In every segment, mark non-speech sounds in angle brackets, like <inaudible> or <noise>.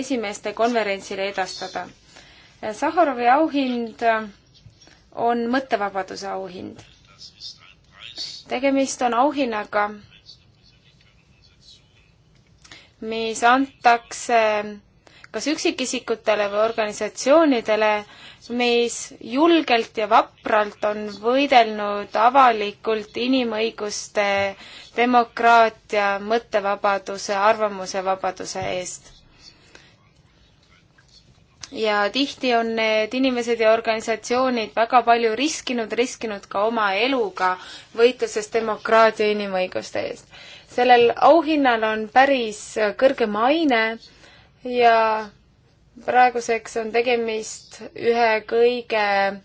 esimeeste konverentsile edastada. Sahharovi auhind on mõttevabaduse auhind. tegemist on auhinnaga, mis antakse kas üksikisikutele või organisatsioonidele, mis julgelt ja vapralt on võidelnud avalikult inimõiguste, demokraatia, mõttevabaduse, arvamusevabaduse eest ja tihti on need inimesed ja organisatsioonid väga palju riskinud, riskinud ka oma eluga võitluses demokraatia inimõiguste eest. sellel auhinnal on päris kõrge maine ja praeguseks on tegemist ühe kõige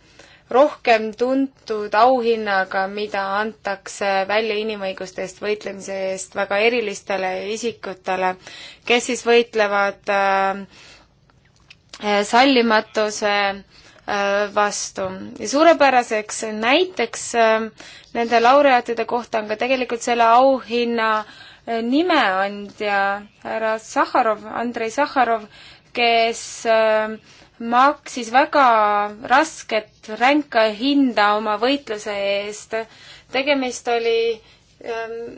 rohkem tuntud auhinnaga, mida antakse välja inimõiguste eest võitlemise eest väga erilistele isikutele, kes siis võitlevad äh, Eh, sallimatuse eh, vastu. ja suurepäraseks näiteks eh, nende laureaatide kohta on ka tegelikult selle auhinna nimeandja härra Sahharov, Andrei Sahharov, kes maksis väga rasket ränka hinda oma võitluse eest. tegemist oli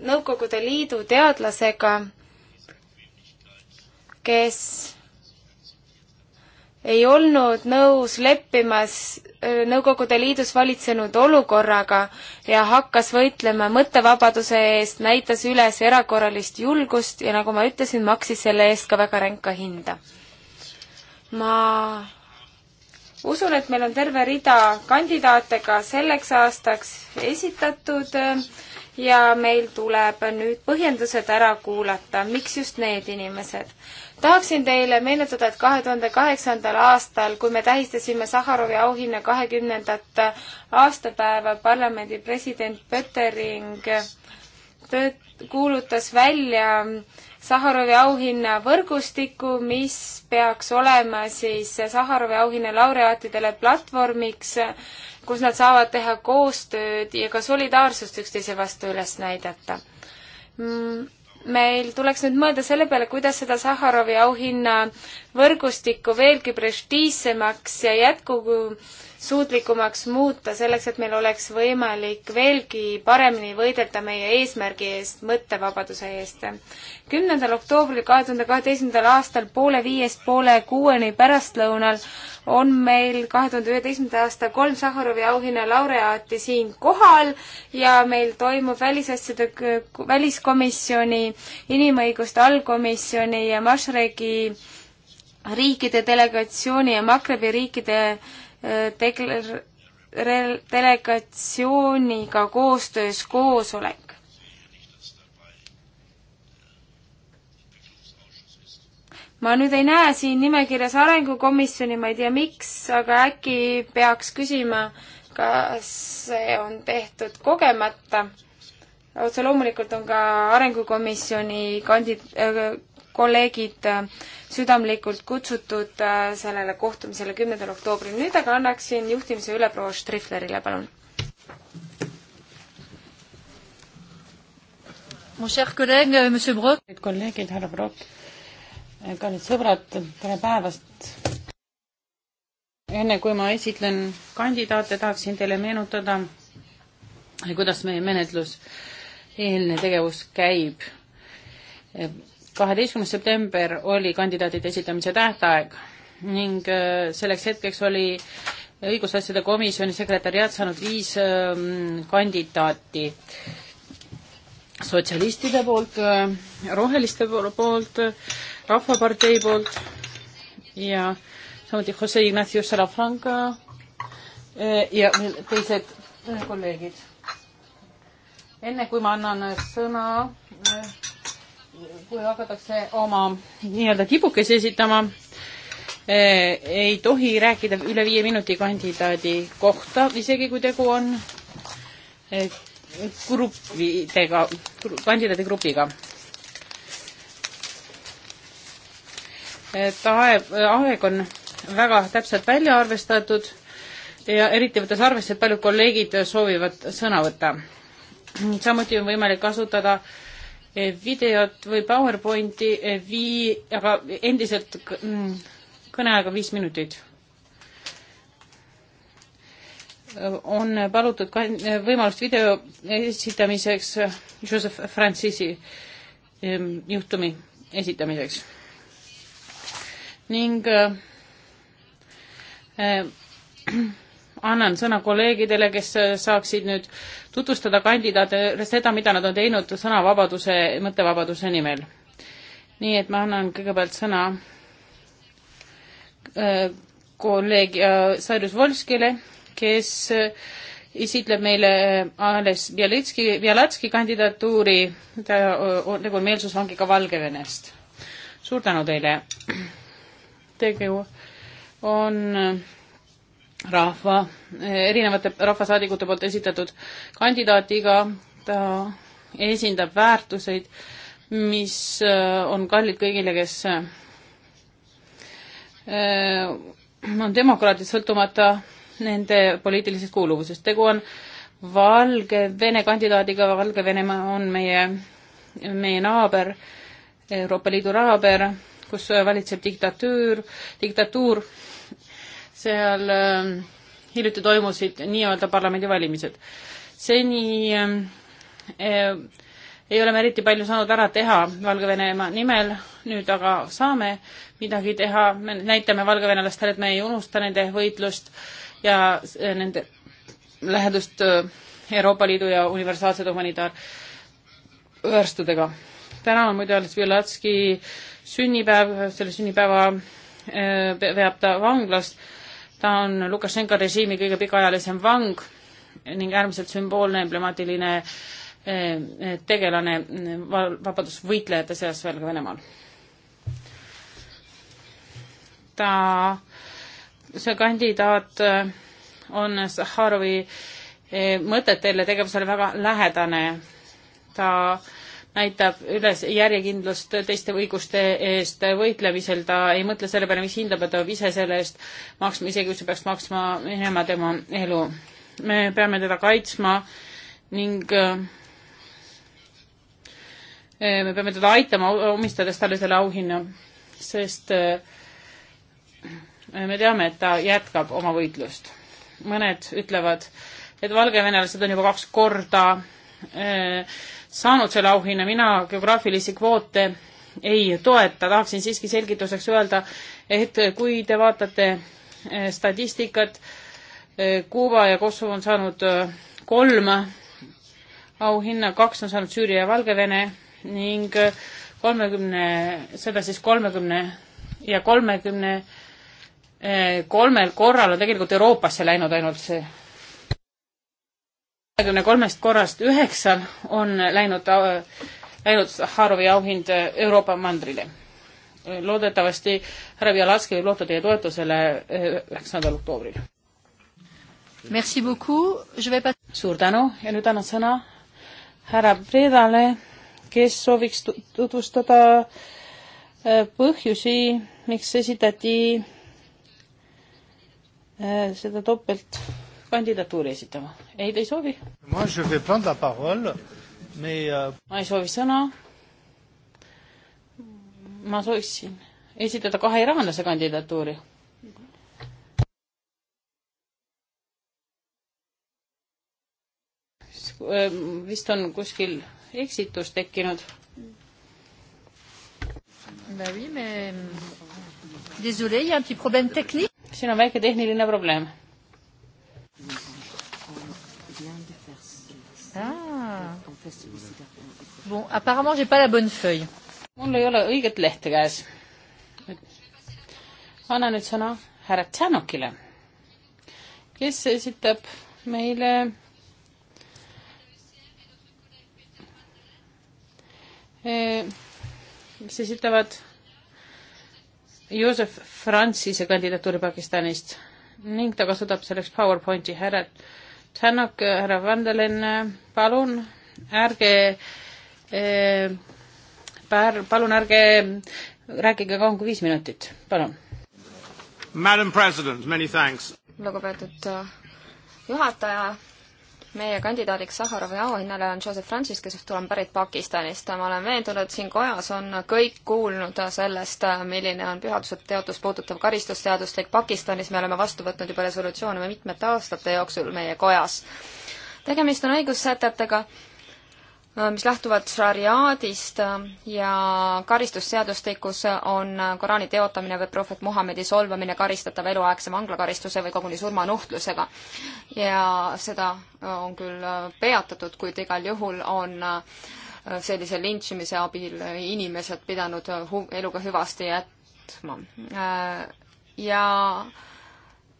Nõukogude Liidu teadlasega, kes ei olnud nõus leppimas äh, Nõukogude Liidus valitsenud olukorraga ja hakkas võitlema mõttevabaduse eest, näitas üles erakorralist julgust ja nagu ma ütlesin, maksis selle eest ka väga ränka hinda. ma usun, et meil on terve rida kandidaate ka selleks aastaks esitatud äh, ja meil tuleb nüüd põhjendused ära kuulata, miks just need inimesed tahaksin teile meenutada, et kahe tuhande kaheksandal aastal, kui me tähistasime Saharovi auhinna kahekümnendat aastapäeva, parlamendi president Pöttering tööt-, kuulutas välja Saharovi auhinna võrgustiku, mis peaks olema siis Saharovi auhinna laureaatidele platvormiks, kus nad saavad teha koostööd ja ka solidaarsust üksteise vastu üles näidata. Mm, meil tuleks nüüd mõelda selle peale, kuidas seda Sahharovi auhinna võrgustikku veelgi prestiižsemaks ja jätku suutlikumaks muuta, selleks et meil oleks võimalik veelgi paremini võidelda meie eesmärgi eest, mõttevabaduse eest. kümnendal oktoobril kahe tuhande kaheteistkümnendal aastal poole viiest poole kuueni pärastlõunal on meil kahe tuhande üheteistkümnenda aasta kolm Sahharovi auhinna laureaati siin kohal ja meil toimub välisasjade, väliskomisjoni, inimõiguste allkomisjoni ja Mašregi riikide delegatsiooni ja Makrebi riikide tegler-, delegatsiooniga koostöös koosolek. ma nüüd ei näe siin nimekirjas Arengukomisjoni, ma ei tea miks, aga äkki peaks küsima, kas see on tehtud kogemata. otse loomulikult on ka Arengukomisjoni kandi-, kolleegid äh, südamlikult kutsutud äh, sellele kohtumisele kümnendal oktoobril. nüüd aga annaksin juhtimise üle proua Strihlerile, palun. Euh, kolleegid, härra Brock, äh, kallid sõbrad, tere päevast! enne kui ma esitlen kandidaate, tahaksin teile meenutada, kuidas meie menetlus, eelne tegevus käib kaheteistkümnes september oli kandidaatide esitamise tähtaeg ning äh, selleks hetkeks oli õigusasjade komisjoni sekretäriaat saanud viis ähm, kandidaati sotsialistide poolt, äh, roheliste poolt, Rahvapartei poolt ja samuti Jose Ignacio Salafranca äh, ja teised kolleegid. enne kui ma annan sõna kui hakatakse oma nii-öelda kibukesi esitama, eh, ei tohi rääkida üle viie minuti kandidaadi kohta, isegi kui tegu on eh, gruppidega, kandidaadi grupiga. et eh, aeg, aeg on väga täpselt välja arvestatud ja eriti võttes arvesse, et paljud kolleegid soovivad sõna võtta. samuti on võimalik kasutada äh, Eh, videot või PowerPointi eh, vii, aga endiselt mm, kõneaega viis minutit. Eh, on palutud ka võimalust video esitamiseks Joseph Francisi juhtumi esitamiseks. ning äh, <clears throat> annan sõna kolleegidele, kes äh, saaksid nüüd tutvustada kandidaate, seda, mida nad on teinud sõnavabaduse, mõttevabaduse nimel. nii et ma annan kõigepealt sõna äh, kolleeg Sarjus äh, Volskile, kes esitleb meile Ales Bialitski, Bialatski kandidatuuri, ta on nagu meelsusvangiga Valgevenest. suur tänu teile. tegu on rahva, erinevate rahvasaadikute poolt esitatud kandidaatiga, ta esindab väärtuseid, mis äh, on kallid kõigile, kes äh, on demokraadid, sõltumata nende poliitilisest kuuluvusest. tegu on Valgevene kandidaadiga, Valgevenemaa on meie, meie naaber, Euroopa Liidu naaber, kus valitseb diktatüür, diktatuur, diktatuur seal ähm, hiljuti toimusid nii-öelda parlamendivalimised. seni ähm, äh, ei ole me eriti palju saanud ära teha Valgevenemaa nimel, nüüd aga saame midagi teha, me näitame valgevenelastele, et me ei unusta nende võitlust ja äh, nende lähedust äh, Euroopa Liidu ja universaalsete humanitaarväärtustega. täna on muide alles Vjolatski sünnipäev, selle sünnipäeva veab ta vanglas ta on Lukašenka režiimi kõige pikaajalisem vang ning äärmiselt sümboolne, emblemaatiline eh, tegelane vabadusvõitlejate seas Valgevenemaal. ta, see kandidaat eh, on Sahharovi eh, mõtetele, tegevusele väga lähedane. ta äh, näitab üles järjekindlust teiste õiguste eest võitlemisel, ta ei mõtle selle peale, mis hinda ta peab ise selle eest maksma, isegi kui see peaks maksma minema tema elu. me peame teda kaitsma ning eh, me peame teda aitama, omistades talle selle auhinna, sest eh, me teame, et ta jätkab oma võitlust. mõned ütlevad, et valgevenelased on juba kaks korda eh, saanud selle auhinna, mina geograafilisi kvoote ei toeta, tahaksin siiski selgituseks öelda, et kui te vaatate eh, statistikat, eh, Kuuba ja Kosovo on saanud eh, kolm auhinna, kaks on saanud Süüria ja Valgevene ning kolmekümne, seda siis kolmekümne ja kolmekümne kolmel korral on tegelikult Euroopasse läinud ainult see kahekümne kolmest korrast üheksal on läinud, äh, läinud Saharovi auhind äh, Euroopa mandrile. loodetavasti härra Bialatski võib loota teie toetusele äh, üheksandal oktoobril. Merci beaucoup, je vais pas-. suur tänu ja nüüd annan sõna härra Predale, kes sooviks tutvustada põhjusi, miks esitati seda topelt kandidatuuri esitama? ei, te ei soovi? Euh, ma ei soovi sõna. ma sooviksin esitada kahe iraanlase kandidatuuri. vist on kuskil eksitus tekkinud. siin on väike tehniline probleem Bon, apparemment j'ai pas la bonne feuille. mul ei ole õiget lehte käes. annan nüüd sõna härra Tšanokile, kes esitab meile eh, kes esitavad Joseph Francis'e kandidatuuri Pakistanist ning ta kasutab selleks PowerPointi härra Tšanok, härra Vandelen, palun ärge eh, pär-, palun ärge rääkige kauem kui viis minutit, palun. Madam President, many thanks. lugupeetud eh, juhataja, meie kandidaadiks Sahharovi auhinnale on Joseph Francis, kes on pärit Pakistanist. ma olen veendunud, siin kojas on kõik kuulnud sellest, eh, milline on pühaduse teotust puudutav karistusseadustik Pakistanis. me oleme vastu võtnud juba resolutsioone mitmete aastate jooksul meie kojas. tegemist on õigussätetega, Äh, mis lähtuvad šariaadist äh, ja karistusseadustikus on äh, Koraani teotamine või prohvet Muhamedi solvamine karistatav eluaegse vanglakaristuse või koguni surmanuhtlusega. ja seda on küll peatatud, kuid igal juhul on sellise lintšimise abil inimesed pidanud hu eluga hüvasti jätma. ja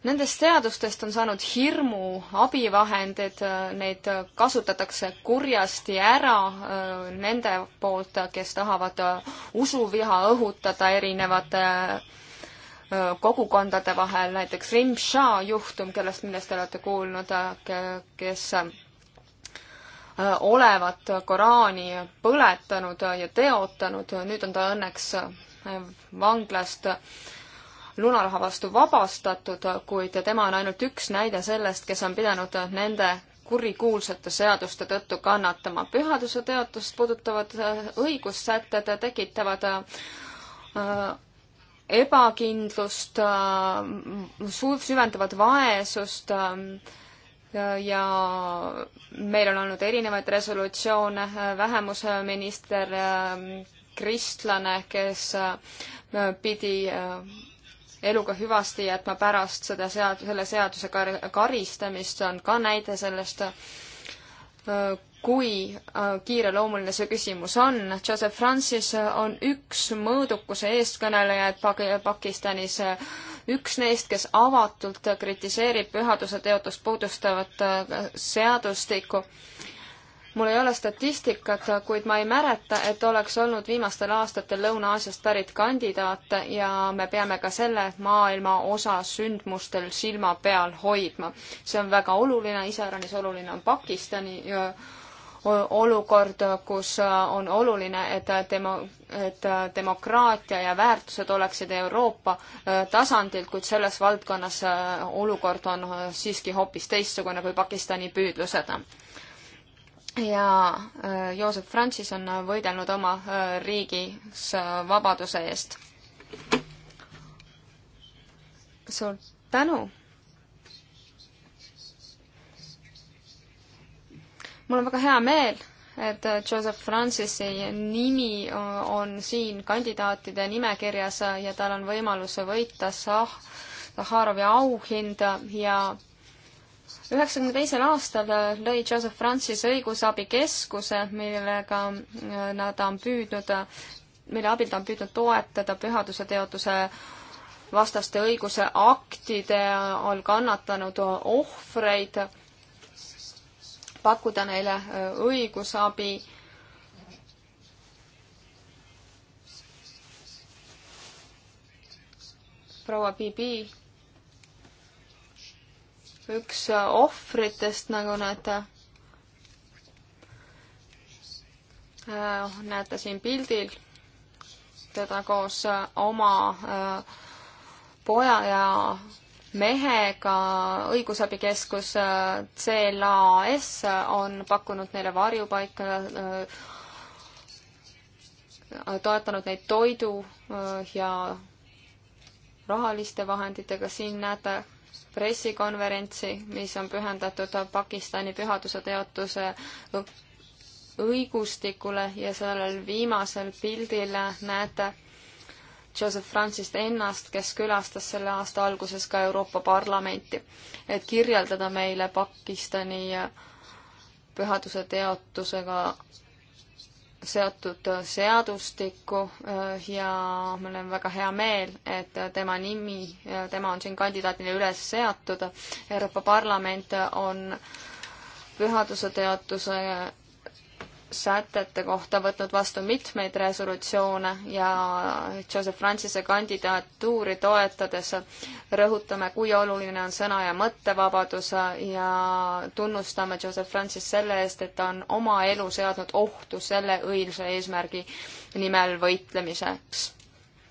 Nendest seadustest on saanud hirmu abivahendid, neid kasutatakse kurjasti ära äh, nende poolt, kes tahavad äh, usuviha õhutada erinevate äh, kogukondade vahel, näiteks Rimša juhtum, kellest, millest te olete kuulnud, kes olevat Koraani põletanud ja teotanud, nüüd on ta õnneks vanglast lunaraha vastu vabastatud, kuid tema on ainult üks näide sellest, kes on pidanud nende kurikuulsate seaduste tõttu kannatama. pühaduse teotust puudutavad äh, õigussätted tekitavad äh, ebakindlust, äh, süvendavad vaesust ja meil on olnud erinevaid resolutsioone, vähemusminister kristlane, kes pidi eluga hüvasti jätma pärast seda sead-, selle seaduse kar-, karistamist, see on ka näide sellest, äh, kui äh, kiireloomuline see küsimus on. Joseph Francis on üks mõõdukuse eestkõnelejaid Pakistanis, üks neist, kes avatult kritiseerib pühaduse teotust puudustavat äh, seadustikku mul ei ole statistikat, kuid ma ei mäleta, et oleks olnud viimastel aastatel Lõuna-Aasiast pärit kandidaate ja me peame ka selle maailma osa sündmustel silma peal hoidma. see on väga oluline, iseäranis oluline on Pakistani olukord, kus on oluline, et demo-, et demokraatia ja väärtused oleksid Euroopa tasandil, kuid selles valdkonnas olukord on siiski hoopis teistsugune kui Pakistani püüdlused ja äh, Joosep Francis on äh, võidelnud oma äh, riigis vabaduse eest. suur tänu! mul on väga hea meel, et Joseph Francisi nimi on siin kandidaatide nimekirjas ja tal on võimalus võita Sah-, Sahharovi auhind ja üheksakümne teisel aastal äh, lõi Joseph Francis õigusabikeskuse, millega äh, nad on püüdnud, mille abil ta on püüdnud toetada pühaduse teaduse vastaste õiguse aktide all kannatanud ohvreid, pakkuda neile äh, õigusabi proua Bibi üks ohvritest, nagu näete. Äh, näete siin pildil teda koos äh, oma äh, poja ja mehega õigusabikeskus CLAS on pakkunud neile varjupaika, toetanud neid toidu ja rahaliste vahenditega, siin näete pressikonverentsi, mis on pühendatud Pakistani pühaduse teotuse õigustikule ja sellel viimasel pildil näete Joseph Francist ennast, kes külastas selle aasta alguses ka Euroopa Parlamenti, et kirjeldada meile Pakistani pühaduse teotusega seotud äh, seadustikku äh, ja mul on väga hea meel, et äh, tema nimi, tema on siin kandidaadina üles seatud. Euroopa Parlament on pühaduseteaduse sätete kohta võtnud vastu mitmeid resolutsioone ja Joseph Francis'e kandidatuuri toetades rõhutame, kui oluline on sõna- ja mõttevabadus ja tunnustame Joseph Francis selle eest, et ta on oma elu seadnud ohtu selle õilsa eesmärgi nimel võitlemiseks.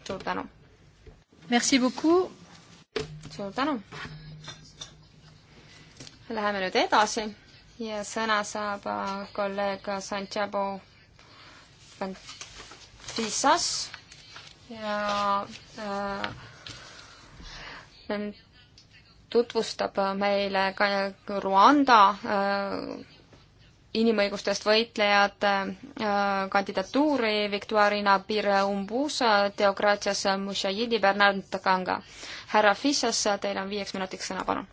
suur tänu! Merci beaucoup! suur tänu! Läheme nüüd edasi ja sõna saab äh, kolleeg Santiago Pantisas ja äh, tutvustab meile ka Rwanda äh, inimõigustest võitlejate äh, kandidatuuri Viktorina Pirumbusa, Teokratias Mushahidi Bernard Takanga. härra Fissas, teil on viieks minutiks sõna, palun.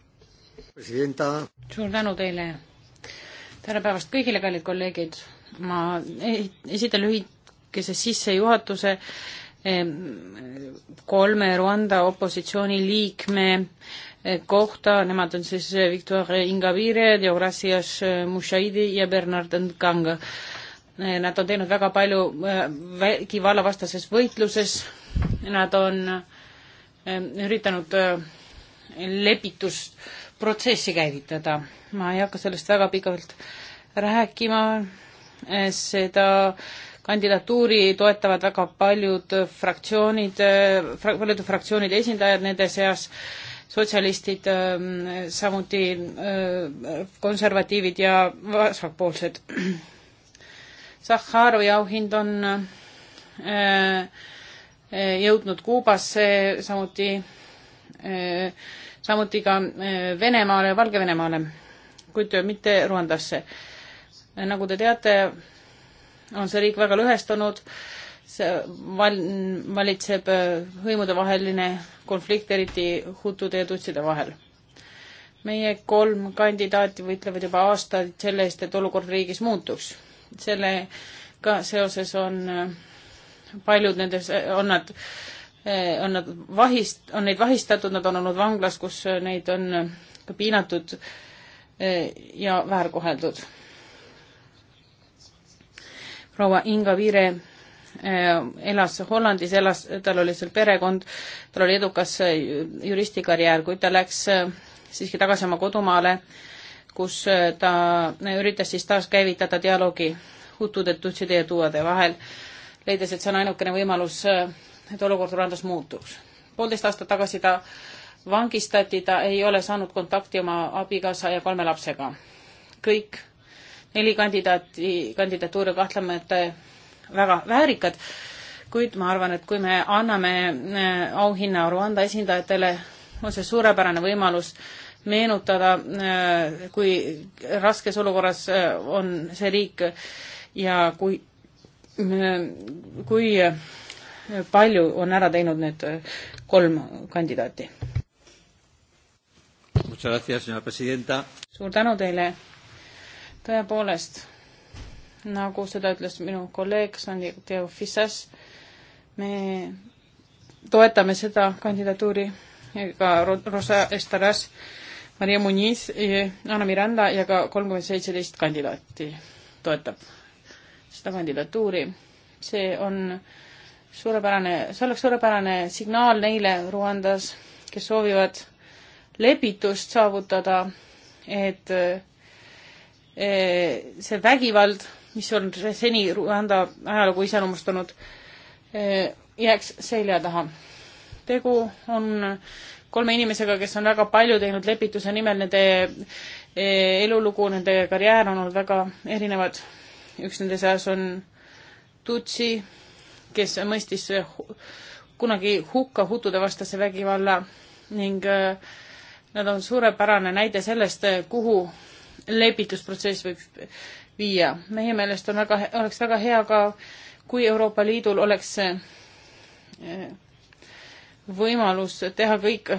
suur tänu teile, tere päevast kõigile, kallid kolleegid. ma esitan lühikese sissejuhatuse kolme Rwanda opositsiooniliikme eh, kohta, nemad on siis eh, Victor Ingabire, Deogracias eh, Mushaidi ja Bernard Nkang. Nad on teinud väga palju vägivallavastases võitluses, nad on üritanud lepitust äh, protsessi käivitada. ma ei hakka sellest väga pikalt rääkima, seda kandidatuuri toetavad väga paljud fraktsioonid fra,, paljude fraktsioonide esindajad nende seas, sotsialistid, ähm, samuti äh, konservatiivid ja vasakpoolsed. Sahharovi auhind on äh, äh, jõudnud Kuubasse, samuti samuti ka eh, Venemaale ja Valgevenemaale, kuid mitte Ruandasse. nagu te teate, on see riik väga lõhestunud, see val-, valitseb eh, hõimudevaheline konflikt, eriti hutude ja tutside vahel. meie kolm kandidaati võitlevad juba aastaid selle eest, et olukord riigis muutuks. sellega seoses on eh, paljud nendes, on nad äh, Eh, on nad vahist, on neid vahistatud, nad on olnud vanglas, kus eh, neid on eh, ka piinatud ja väärkoheldud. proua Inga Viire elas Hollandis, elas, tal oli seal perekond, tal oli edukas juristikarjäär, kuid ta läks siiski tagasi oma kodumaale, kus ta üritas siis taaskäivitada dialoogi hutude, tutside ja tuuade vahel, leides, et see on ainukene võimalus et olukord Rwandas muutuks. poolteist aastat tagasi ta vangistati, ta ei ole saanud kontakti oma abikaasa ja kolme lapsega. kõik neli kandidaati, kandidatuuri kahtlemata väga väärikad, kuid ma arvan, et kui me anname äh, auhinna Rwanda esindajatele, on see suurepärane võimalus meenutada, äh, kui raskes olukorras äh, on see riik ja kui, kui palju on ära teinud need äh, kolm kandidaati. suur tänu teile. tõepoolest, nagu seda ütles minu kolleeg Santiago Fissas, me toetame seda kandidatuuri ka Rosa Estaras, Maria Muniz, Anna Miranda ja ka kolmkümmend seitseteist kandidaati toetab seda kandidatuuri. see on äh, suurepärane, see oleks suurepärane signaal neile Ruandas, kes soovivad lepitust saavutada, et e, see vägivald, mis on seni Ruanda ajalugu iseloomustanud, e, jääks selja taha. tegu on kolme inimesega, kes on väga palju teinud lepituse nimel, nende e, elulugu, nende karjäär on olnud väga erinevad. üks nende seas on Tutsi kes mõistis kunagi hukka hutude vastase vägivalla ning äh, nad on suurepärane näide sellest, kuhu lepitusprotsess võib viia. meie meelest on väga, oleks väga hea ka, kui Euroopa Liidul oleks äh, võimalus teha kõik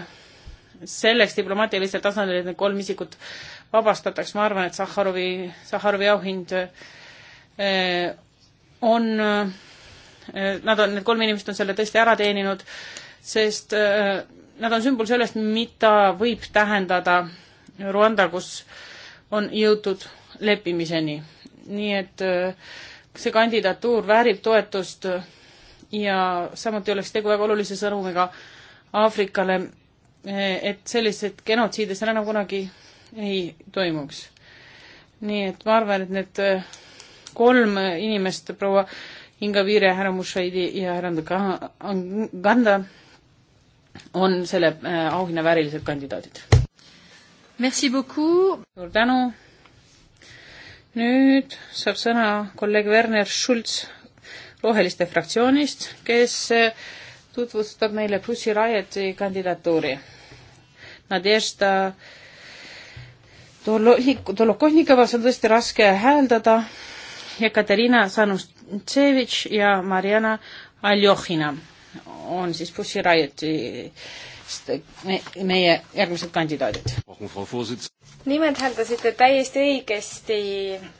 selleks diplomaatilisel tasandil, et need kolm isikut vabastataks, ma arvan, et Sahharovi, Sahharovi auhind äh, on Eh, nad on, need kolm inimest on selle tõesti ära teeninud, sest eh, nad on sümbol sellest, mida võib tähendada Rwanda, kus on jõutud leppimiseni. nii et eh, see kandidatuur väärib toetust ja samuti oleks tegu väga olulise sõnumiga Aafrikale, et selliseid genotsiide seal enam kunagi ei toimuks. nii et ma arvan, et need kolm inimest, proua Ingaviire äramusveidi ja härra Ganda on selle äh, auhinna väärilised kandidaadid. Merci beaucoup! suur tänu! nüüd saab sõna kolleeg Werner Schulz Roheliste fraktsioonist, kes äh, tutvustab meile Bussi Raieti kandidatuuri. Nadežda Dolokohnikova, seda on tõesti raske hääldada, ja Katariina Sanust Tševitš ja Mariana Aljohina on siis Pussy Rioti meie järgmised kandidaadid. nimed hääldasite täiesti õigesti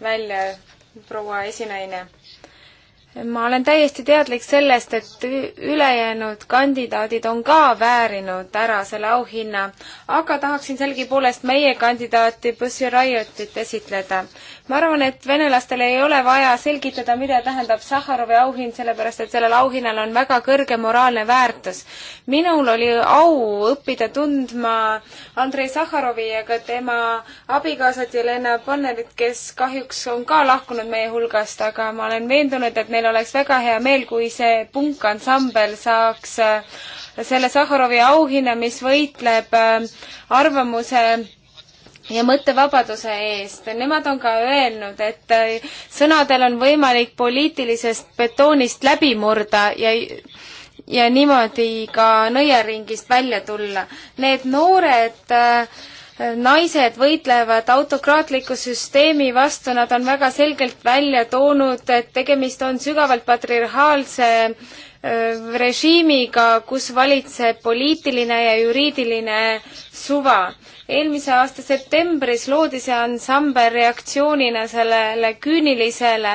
välja, proua esinaine. ma olen täiesti teadlik sellest, et ülejäänud kandidaadid on ka väärinud ära selle auhinna, aga tahaksin sellegipoolest meie kandidaati Pussy Riotit esitleda ma arvan, et venelastele ei ole vaja selgitada, mida tähendab Sahharovi auhind, sellepärast et sellel auhinnal on väga kõrge moraalne väärtus. minul oli au õppida tundma Andrei Sahharovi ja ka tema abikaasat Jelena Bonnerit, kes kahjuks on ka lahkunud meie hulgast, aga ma olen veendunud, et neil oleks väga hea meel, kui see punkansambel saaks äh, selle Sahharovi auhinna, mis võitleb äh, arvamuse ja mõttevabaduse eest. Nemad on ka öelnud, et äh, sõnadel on võimalik poliitilisest betoonist läbi murda ja ja niimoodi ka nõiaringist välja tulla. Need noored äh, naised võitlevad autokraatliku süsteemi vastu, nad on väga selgelt välja toonud, et tegemist on sügavalt patriarhaalse äh, režiimiga, kus valitseb poliitiline ja juriidiline suva. eelmise aasta septembris loodi see ansambel reaktsioonina sellele küünilisele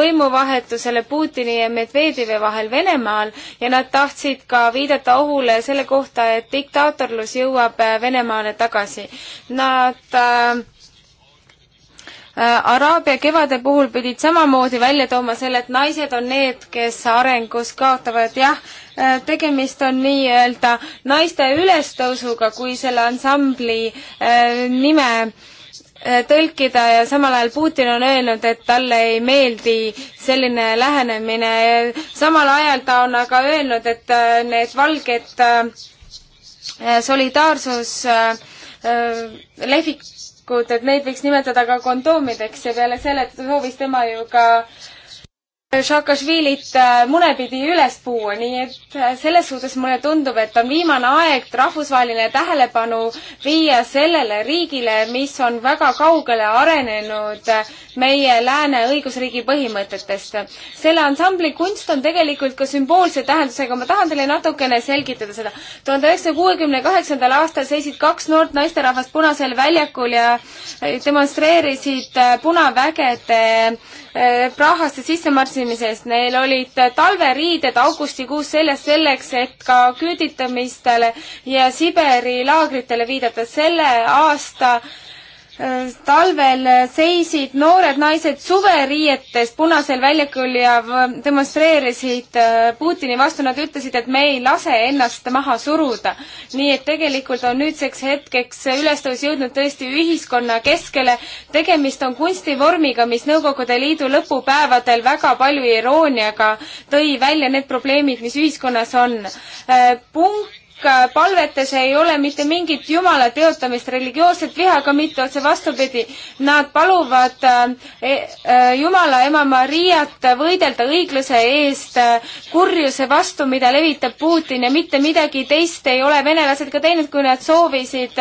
võimuvahetusele Putini ja Medvedjevi vahel Venemaal ja nad tahtsid ka viidata ohule selle kohta, et diktaatorlus jõuab Venemaale tagasi. Nad äh, Äh, Araabia kevade puhul pidid samamoodi välja tooma selle, et naised on need, kes arengus kaotavad, jah, äh, tegemist on nii-öelda naiste ülestõusuga, kui selle ansambli äh, nime äh, tõlkida ja samal ajal Putin on öelnud, et talle ei meeldi selline lähenemine. samal ajal ta on aga öelnud, et need valged solidaarsus lehvik-, tüdrukud, et neid võiks nimetada ka kondoomideks ja peale selle soovis tema ju ka äh, Saakašvilit äh, munepidi üles puua, nii et äh, selles suhtes mulle tundub, et on viimane aeg rahvusvaheline tähelepanu viia sellele riigile, mis on väga kaugele arenenud äh, meie lääne õigusriigi põhimõtetest. selle ansambli kunst on tegelikult ka sümboolse tähendusega, ma tahan teile natukene selgitada seda. tuhande üheksasaja kuuekümne kaheksandal aastal seisid kaks noort naisterahvast Punasel väljakul ja demonstreerisid punavägede Prahasse sisse marssinud reisimisest, neil olid talveriided augustikuus selles selleks, et ka küüditamistele ja Siberi laagritele viidata. selle aasta Äh, talvel äh, seisid noored naised suveriietes punasel väljakul ja demonstreerisid äh, Putini vastu, nad ütlesid, et me ei lase ennast maha suruda. nii et tegelikult on nüüdseks hetkeks ülestõus jõudnud tõesti ühiskonna keskele. tegemist on kunstivormiga, mis Nõukogude Liidu lõpupäevadel väga palju irooniaga tõi välja need probleemid, mis ühiskonnas on. punkt palvetes ei ole mitte mingit jumala teotamist, religioosset viha, aga mitte otse vastupidi. Nad paluvad äh, e, äh, Jumala ema Mariat võidelda õigluse eest äh, kurjuse vastu, mida levitab Putin ja mitte midagi teist ei ole venelased ka teinud, kui nad soovisid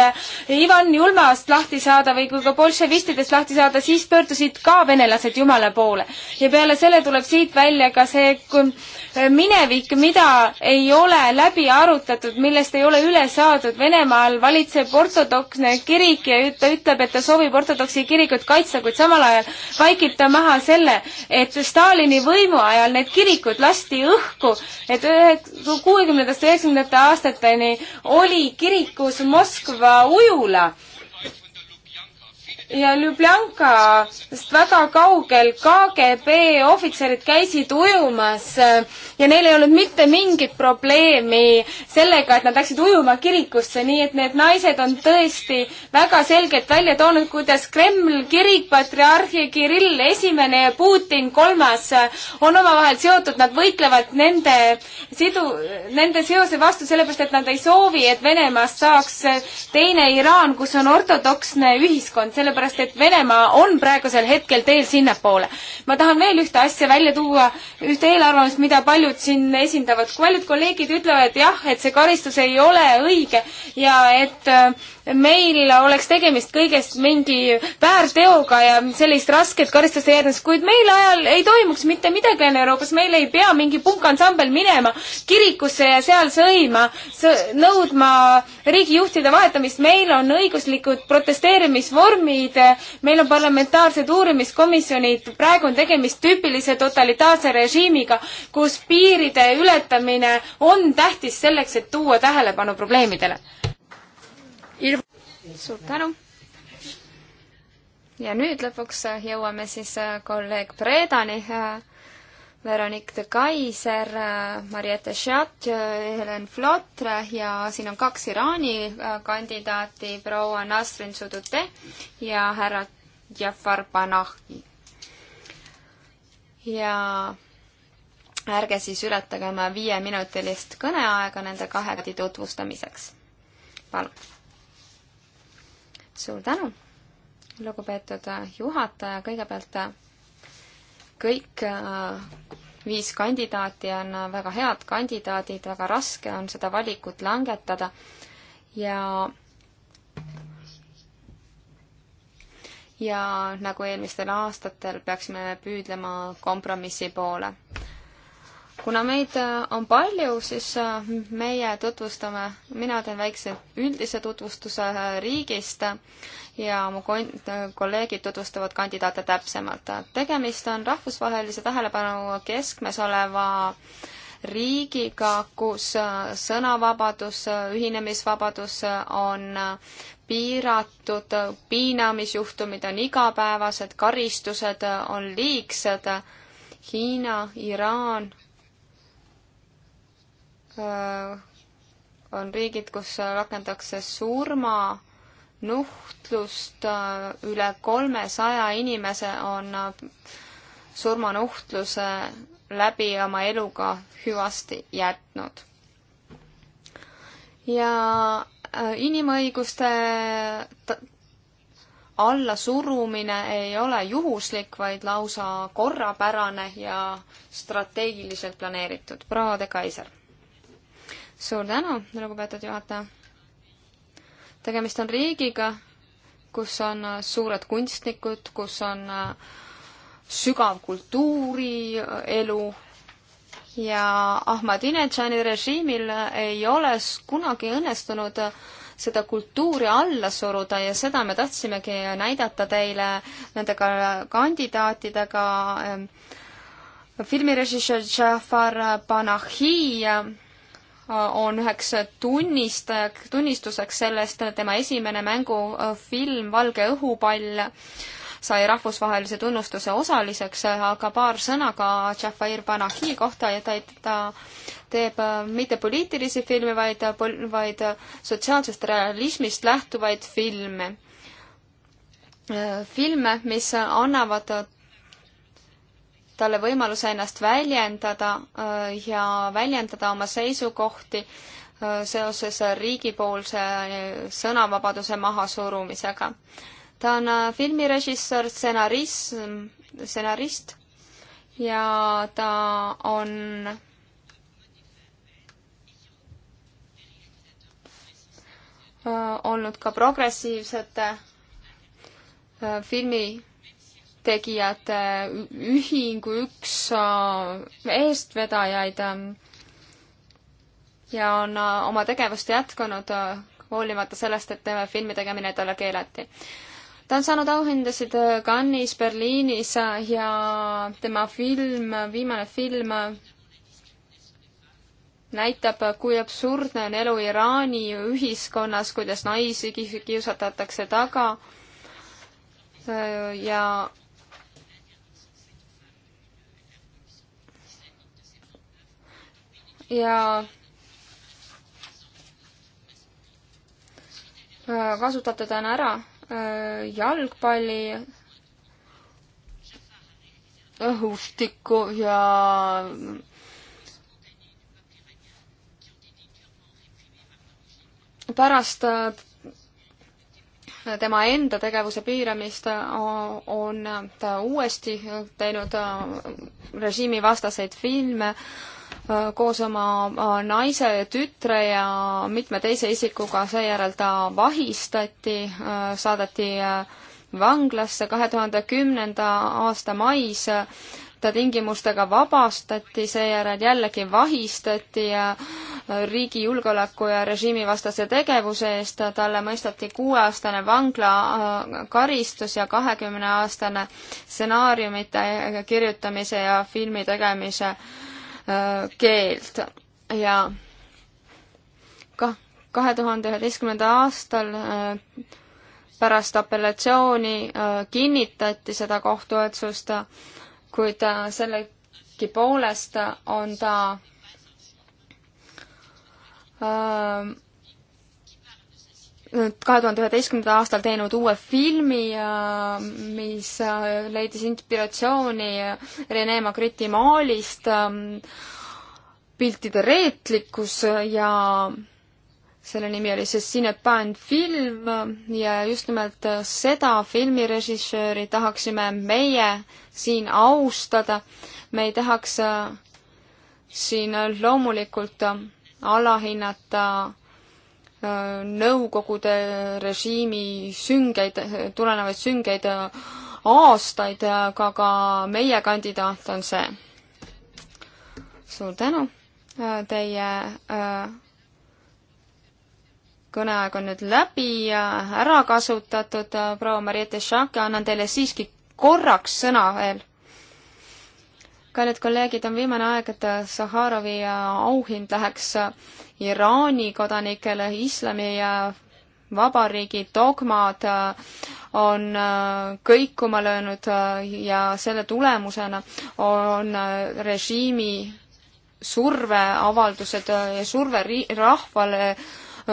Ivan Julmast lahti saada või kui ka bolševistidest lahti saada, siis pöördusid ka venelased Jumala poole. ja peale selle tuleb siit välja ka see, kui minevik, mida ei ole läbi arutatud, millest ei ole üle saadud. Venemaal valitseb ortodoksne kirik ja ta ütleb, et ta soovib ortodoksi kirikut kaitsta, kuid samal ajal vaikib ta maha selle, et Stalini võimu ajal need kirikud lasti õhku, et kuuekümnendast üheksakümnendate aastateni oli kirikus Moskva ujula ja Ljubljankast väga kaugel KGB ohvitserid käisid ujumas äh, ja neil ei olnud mitte mingit probleemi sellega, et nad läksid ujuma kirikusse, nii et need naised on tõesti väga selgelt välja toonud, kuidas Kreml, kirik, patriarh Kirill Esimene ja Putin Kolmas äh, on omavahel seotud, nad võitlevad nende sidu, nende seose vastu, sellepärast et nad ei soovi, et Venemaast saaks äh, teine Iraan, kus on ortodoksne ühiskond, sellepärast sellepärast et Venemaa on praegusel hetkel teel sinnapoole. ma tahan veel ühte asja välja tuua, ühte eelarvamust, mida paljud siin esindavad. paljud kolleegid ütlevad jah, et see karistus ei ole õige ja et äh, meil oleks tegemist kõigest mingi väärteoga ja sellist rasket karistust ei järgneks, kuid meil ajal ei toimuks mitte midagi Lääne-Euroopas, meil ei pea mingi punkansambel minema kirikusse ja seal sõima, nõudma riigijuhtide vahetamist, meil on õiguslikud protesteerimisvormid, meil on parlamentaarsed uurimiskomisjonid, praegu on tegemist tüüpilise totalitaarse režiimiga, kus piiride ületamine on tähtis selleks, et tuua tähelepanu probleemidele suur tänu! ja nüüd lõpuks jõuame siis äh, kolleeg Predani, äh, Veronique de Kaiser, äh, Mariette Chat, Helen Flotre ja siin on kaks Iraani kandidaati, proua Nasrin Sudute ja härra Jafar Panahi. ja ärge siis ületage oma viieminutilist kõneaega nende kahe tutvustamiseks. palun suur tänu, lugupeetud juhataja, kõigepealt äh, kõik äh, viis kandidaati on äh, väga head kandidaadid, väga raske on seda valikut langetada ja ja nagu eelmistel aastatel peaksime püüdlema kompromissi poole kuna meid äh, on palju, siis äh, meie tutvustame, mina teen väikse üldise tutvustuse äh, riigist ja mu kolleegid tutvustavad kandidaate täpsemalt. tegemist on rahvusvahelise tähelepanu keskmes oleva riigiga, kus sõnavabadus, ühinemisvabadus on piiratud, piinamisjuhtumid on igapäevased, karistused on liigsed. Hiina, Iraan, Äh, on riigid, kus rakendatakse surma nuhtlust äh, üle kolmesaja inimese on äh, surmanuhtluse läbi oma eluga hüvasti jätnud. ja inimõiguste allasurumine ei ole juhuslik, vaid lausa korrapärane ja strateegiliselt planeeritud. proua de Kaiser suur tänu, lugupeetud juhataja. tegemist on riigiga, kus on äh, suured kunstnikud, kus on äh, sügav kultuurielu äh, ja Ahmadinejani režiimil ei ole kunagi õnnestunud seda kultuuri alla suruda ja seda me tahtsimegi näidata teile nendega kandidaatidega, ähm, filmirežissöör Jafar Panahi Äh, on üheks tunnistajaks, tunnistuseks sellest, tema esimene mängufilm Valge õhupall sai rahvusvahelise tunnustuse osaliseks, aga paar sõna ka Jafar Panahi kohta ja ta, ta teeb äh, mitte poliitilisi filme, vaid, vaid sotsiaalsest realismist lähtuvaid filme. Äh, filme, mis annavad talle võimaluse ennast väljendada äh, ja väljendada oma seisukohti äh, seoses riigipoolse äh, sõnavabaduse mahasurumisega. ta on filmirežissöör, stsenarist, stsenarist ja ta on olnud ka progressiivsete filmi Tegijate Ühingu üks äh, eestvedajaid äh, ja on äh, oma tegevust jätkanud, hoolimata sellest, et tema filmi tegemine talle keelati. ta on saanud auhindasid Cannes'is, Berliinis ja tema film, viimane film näitab, kui absurdne on elu Iraani ühiskonnas, kuidas naisi kiusatakse taga ja ja äh, kasutate täna ära äh, jalgpalli õhustikku ja pärast äh, tema enda tegevuse piiramist on ta uuesti teinud režiimivastaseid filme, Äh, koos oma äh, naise ja tütre ja mitme teise isikuga, seejärel ta vahistati, äh, saadeti vanglasse kahe tuhande kümnenda aasta mais, ta tingimustega vabastati, seejärel jällegi vahistati ja riigi julgeoleku ja režiimivastase tegevuse eest talle mõisteti kuueaastane vanglakaristus ja kahekümneaastane stsenaariumite kirjutamise ja filmi tegemise äh, Äh, keelt ja kah kahe tuhande üheteistkümnenda aastal äh, pärast apellatsiooni äh, kinnitati seda kohtuotsust, kuid sellegipoolest on ta kahe tuhande üheteistkümnendal aastal teinud uue filmi, mis äh, leidis inspiratsiooni Rene Magritte maalist, ähm, piltide reetlikkus ja selle nimi oli siis Cinepan film ja just nimelt seda filmirežissööri tahaksime meie siin austada. me ei tahaks äh, siin loomulikult äh, alahinnata Nõukogude režiimi süngeid, tulenevaid süngeid aastaid, aga ka meie kandidaat on see. suur tänu, teie äh, kõneaeg on nüüd läbi ja ära kasutatud, proua Mariette Šake, annan teile siiski korraks sõna veel. kallid kolleegid, on viimane aeg, et Saharovi auhind läheks Iraani kodanikele, islami vabariigi dogmad äh, on äh, kõikuma löönud äh, ja selle tulemusena on režiimi surveavaldused ja surve rahvale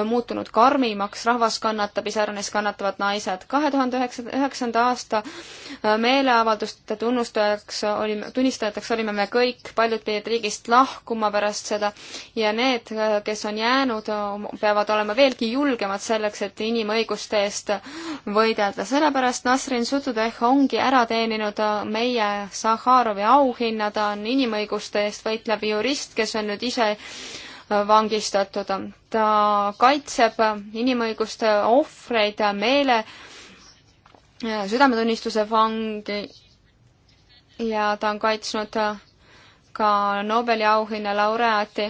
muutunud karmimaks, rahvas kannatab, iseäranis kannatavad naised. kahe tuhande üheksa, üheksanda aasta äh, meeleavalduste tunnustajaks olime, tunnistajateks olime me kõik, paljud pidid riigist lahkuma pärast seda ja need, äh, kes on jäänud, äh, peavad olema veelgi julgemad selleks, et inimõiguste eest võidelda. sellepärast Nasrin Sutudeh ongi ära teeninud meie Sahharovi auhinna, ta on inimõiguste eest võitlev jurist, kes on nüüd ise vangistatud. ta kaitseb inimõiguste ohvreid, meele, südametunnistuse vangi ja ta on kaitsnud ka Nobeli auhinna laureaati.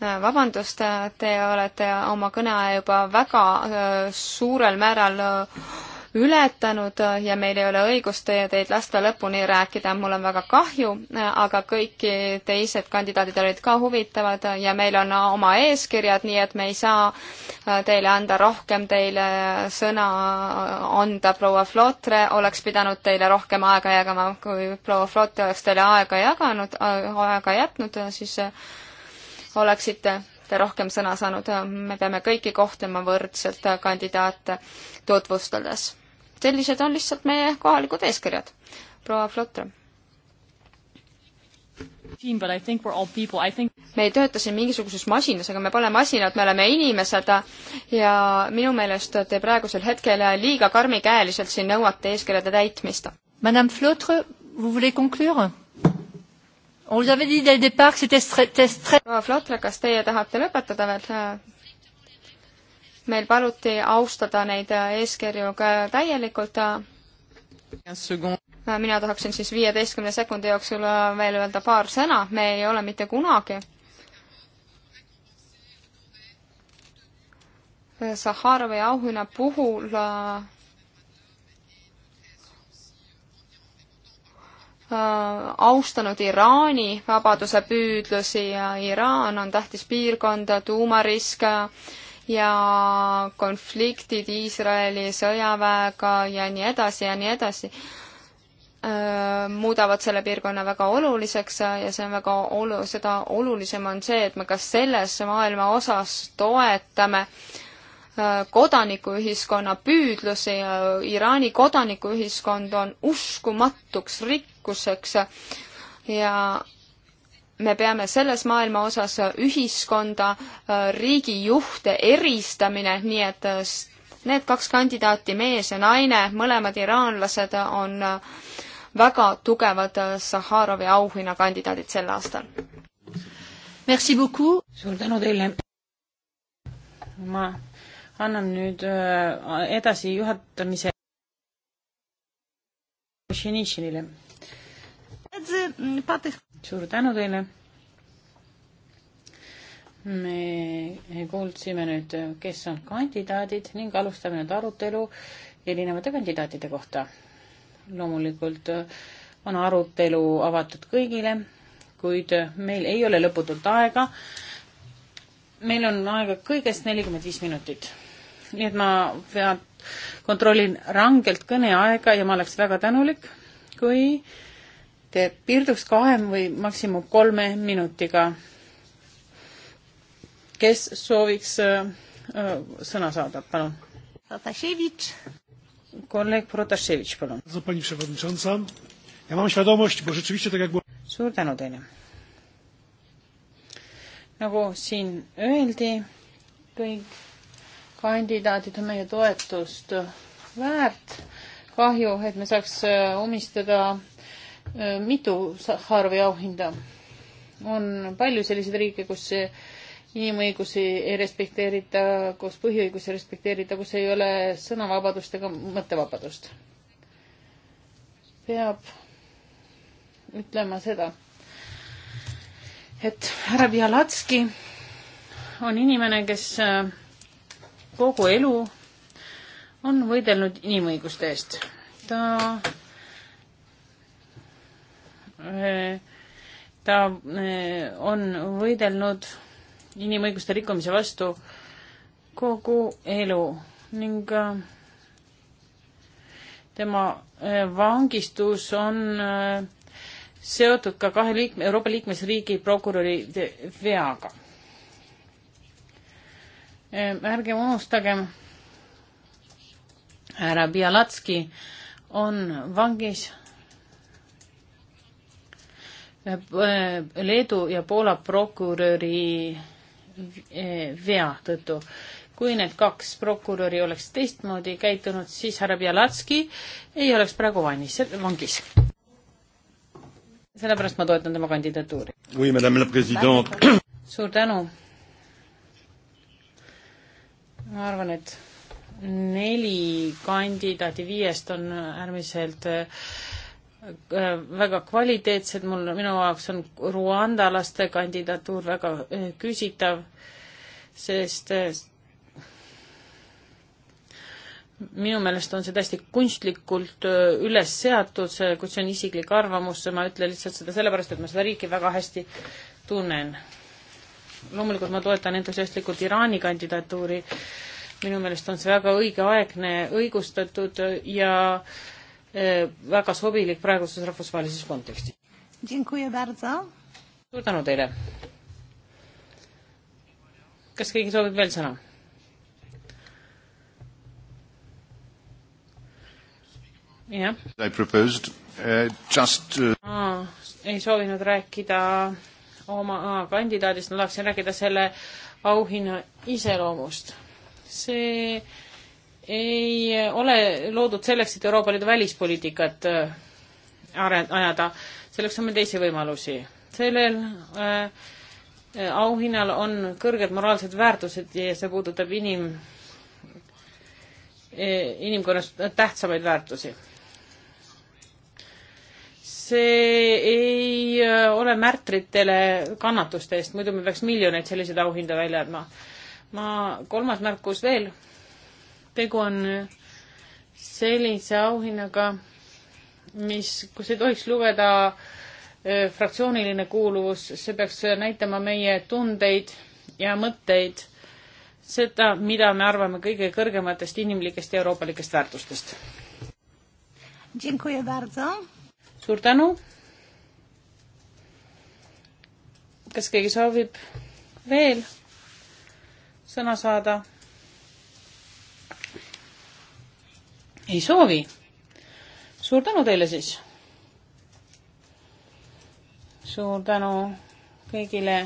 vabandust, te olete oma kõne juba väga äh, suurel määral äh, ületanud äh, ja meil ei ole õigust teie, teid lasta lõpuni rääkida, mul on väga kahju, äh, aga kõiki teised kandidaadid olid ka huvitavad äh, ja meil on oma eeskirjad, nii et me ei saa teile anda rohkem teile sõna anda. proua Flotre oleks pidanud teile rohkem aega jagama, kui proua Flotre oleks teile aega jaganud, aega jätnud, siis oleksite te rohkem sõna saanud, me peame kõiki kohtlema võrdselt kandidaate tutvustades sellised on lihtsalt meie kohalikud eeskirjad. proua Flotre. me ei tööta siin mingisuguses masinas, aga me pole masinad, me oleme inimesed ja minu meelest te praegusel hetkel liiga karmikäeliselt siin nõuate eeskirjade täitmist. Madame Flotre, vous voulez conclure? On vous avait dit dès le départ que c'était très... proua Flotre, kas teie tahate lõpetada veel? meil paluti austada neid eeskirju ka täielikult. mina tahaksin siis viieteistkümne sekundi jooksul veel öelda paar sõna, me ei ole mitte kunagi Saharovi auhinna puhul äh, austanud Iraani vabaduspüüdlusi ja Iraan on tähtis piirkond, tuumarisk ja konfliktid Iisraeli sõjaväega ja nii edasi ja nii edasi äh, muudavad selle piirkonna väga oluliseks ja see on väga olu-, seda olulisem on see, et me ka selles maailma osas toetame äh, kodanikuühiskonna püüdlusi ja Iraani kodanikuühiskond on uskumatuks rikkuseks ja me peame selles maailma osas ühiskonda, riigijuhte eristamine, nii et need kaks kandidaati, mees ja naine, mõlemad iraanlased, on väga tugevad Sahharovi auhinnakandidaadid sel aastal. Merci beaucoup! suur tänu teile! ma annan nüüd äh, edasi juhatamise Šenišinile suur tänu teile. me kuulsime nüüd, kes on kandidaadid ning alustame nüüd arutelu erinevate kandidaatide kohta. loomulikult on arutelu avatud kõigile, kuid meil ei ole lõputult aega. meil on aega kõigest nelikümmend viis minutit. nii et ma pean, kontrollin rangelt kõneaega ja ma oleks väga tänulik, kui äh, piirduks kahe või maksimum kolme minutiga. kes sooviks äh, äh, sõna saada, palun? kolleeg Protasevitš, palun. suur tänu teile. nagu siin öeldi, kõik kandidaadid on meie toetust väärt. kahju, et me saaks äh, omistada äh, mitu Sahharovi auhinda. on palju selliseid riike, kus inimõigusi ei respekteerita, kus põhiõigusi ei respekteerita, kus ei ole sõnavabadust ega mõttevabadust. peab ütlema seda, et härra Bialatski on inimene, kes kogu elu on võidelnud inimõiguste eest. ta ta e, on võidelnud inimõiguste rikkumise vastu kogu elu ning e, tema e, vangistus on seotud ka kahe liikme, Euroopa liikmesriigi prokuröri veaga. ärgem unustagem, härra Bialatski on vangis Äh, Leedu ja Poola prokuröri äh, vea tõttu. kui need kaks prokuröri oleks teistmoodi käitunud, siis härra Bjalatski ei oleks praegu vannis, vangis. sellepärast ma toetan tema kandidatuuri oui,. <clears throat> suur tänu. ma arvan, et neli kandidaati viiest on äärmiselt äh, Äh, väga kvaliteetsed, mul, minu jaoks on Rwanda laste kandidatuur väga äh, küsitav, sest äh, minu meelest on see täiesti kunstlikult üles seatud, see, kuid see on isiklik arvamus, ma ütlen lihtsalt seda sellepärast, et ma seda riiki väga hästi tunnen. loomulikult ma toetan entusiastlikult Iraani kandidatuuri, minu meelest on see väga õigeaegne, õigustatud ja äh, Äh, väga sobilik praeguses rahvusvahelises kontekstis. suur tänu teile. kas keegi soovib veel sõna? jah. Uh, uh, ma ei soovinud rääkida oma kandidaadist, ma tahaksin rääkida selle auhinna iseloomust. see ei eh, ole loodud selleks, et Euroopa Liidu välispoliitikat eh, are-, ajada, selleks on meil teisi võimalusi. sellel äh, auhinnal on kõrged moraalsed väärtused ja see puudutab inim, inimkonnas tähtsamaid väärtusi. see ei ole märtritele kannatuste eest, muidu me peaks miljoneid selliseid auhinda välja andma. ma, kolmas märkus veel tegu on sellise auhinnaga, mis, kus ei tohiks lugeda fraktsiooniline kuuluvus, see peaks näitama meie tundeid ja mõtteid, seda, mida me arvame kõige kõrgematest inimlikest ja euroopalikest väärtustest. suur tänu. kas keegi soovib veel sõna saada? ei soovi. suur tänu teile siis. suur tänu kõigile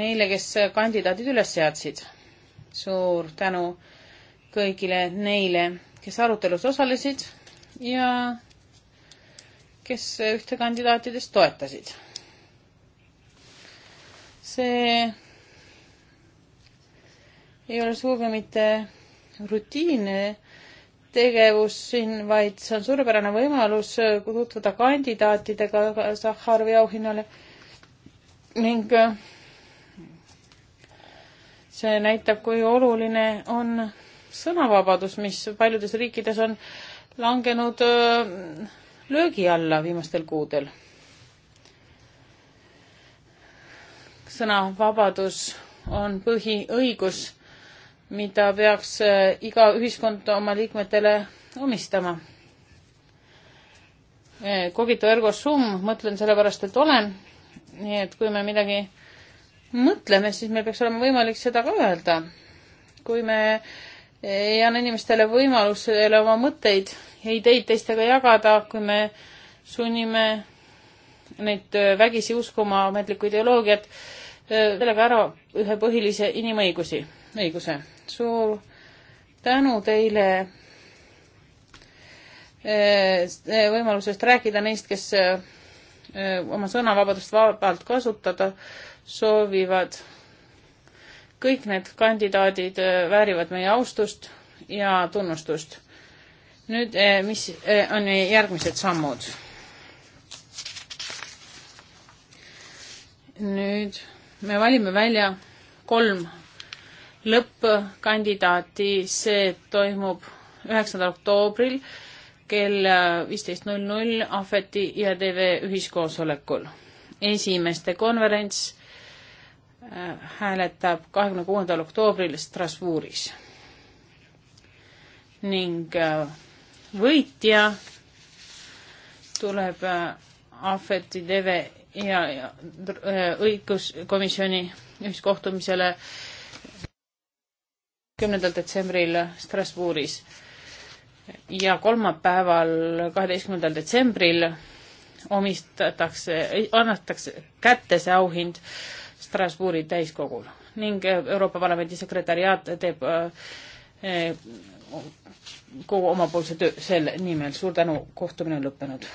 neile, kes kandidaadid üles seadsid. suur tänu kõigile neile, kes arutelus osalesid ja kes ühte kandidaatidest toetasid. see ei ole sugugi mitte rutiinne tegevus siin, vaid see on suurepärane võimalus tutvuda kandidaatidega Sahharovi auhinnale ning äh, see näitab, kui oluline on sõnavabadus, mis paljudes riikides on langenud äh, löögi alla viimastel kuudel. sõnavabadus on põhiõigus mida peaks äh, iga ühiskond oma liikmetele omistama. Äh, Cogito ergo sum, mõtlen sellepärast, et olen, nii et kui me midagi mõtleme, siis meil peaks olema võimalik seda ka öelda. kui me ei anna inimestele võimalusele oma mõtteid ja ideid teistega jagada, kui me sunnime neid äh, vägisi uskuma ametlikku ideoloogiat, sellega ära ühe põhilise inimõigusi, õiguse suur tänu teile eh, võimalusest rääkida neist, kes eh, oma sõnavabadust vabalt kasutada soovivad. kõik need kandidaadid eh, väärivad meie austust ja tunnustust. nüüd, mis on meie järgmised sammud? nüüd me valime välja kolm lõppkandidaati, see toimub üheksandal oktoobril kell viisteist null null Ahveti ja TV ühiskoosolekul. esimeste konverents äh, hääletab kahekümne kuuendal oktoobril Strasbourgis. ning äh, võitja tuleb äh, Ahveti TV ja, ja õiguskomisjoni ühiskohtumisele äh, kümnendal detsembril Strasbourgis ja kolmapäeval, kaheteistkümnendal detsembril omistatakse, annetakse kätte see auhind Strasbourgi täiskogul ning Euroopa Parlamendi sekretäriaat teeb eh, kogu omapoolse töö selle nimel. suur tänu, kohtumine on lõppenud.